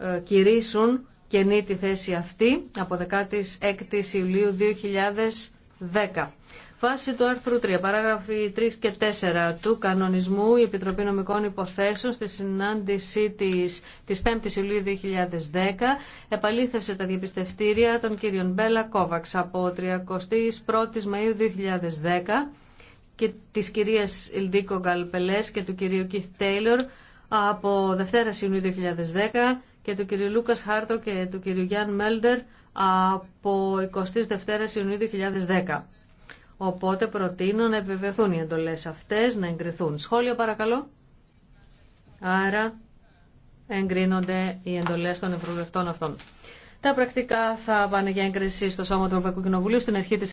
Ε, κηρύσουν καινή τη θέση αυτή από 16 Ιουλίου 2010. Φάση του άρθρου 3, παράγραφοι 3 και 4 του κανονισμού, η Επιτροπή Νομικών Υποθέσεων στη συνάντησή της, της 5ης Ιουλίου 2010 επαλήθευσε τα διαπιστευτήρια των κύριων Μπέλα Κόβαξ από 31ης Μαΐου 2010 και της κυρίας Ιλντίκο Γκαλπελές και του κυρίου Κιθ Τέιλορ από Δευτέρα Ιουνίου 2010 και του κ. Λούκα Χάρτο και του κ. Γιάν Μέλντερ από 22 Ιουνίου 2010. Οπότε προτείνω να επιβεβαιωθούν οι εντολέ αυτές, να εγκριθούν. Σχόλιο παρακαλώ. Άρα εγκρίνονται οι εντολέ των ευρωβουλευτών αυτών. Τα πρακτικά θα πάνε για έγκριση στο Σώμα του Ευρωπαϊκού Κοινοβουλίου στην αρχή τη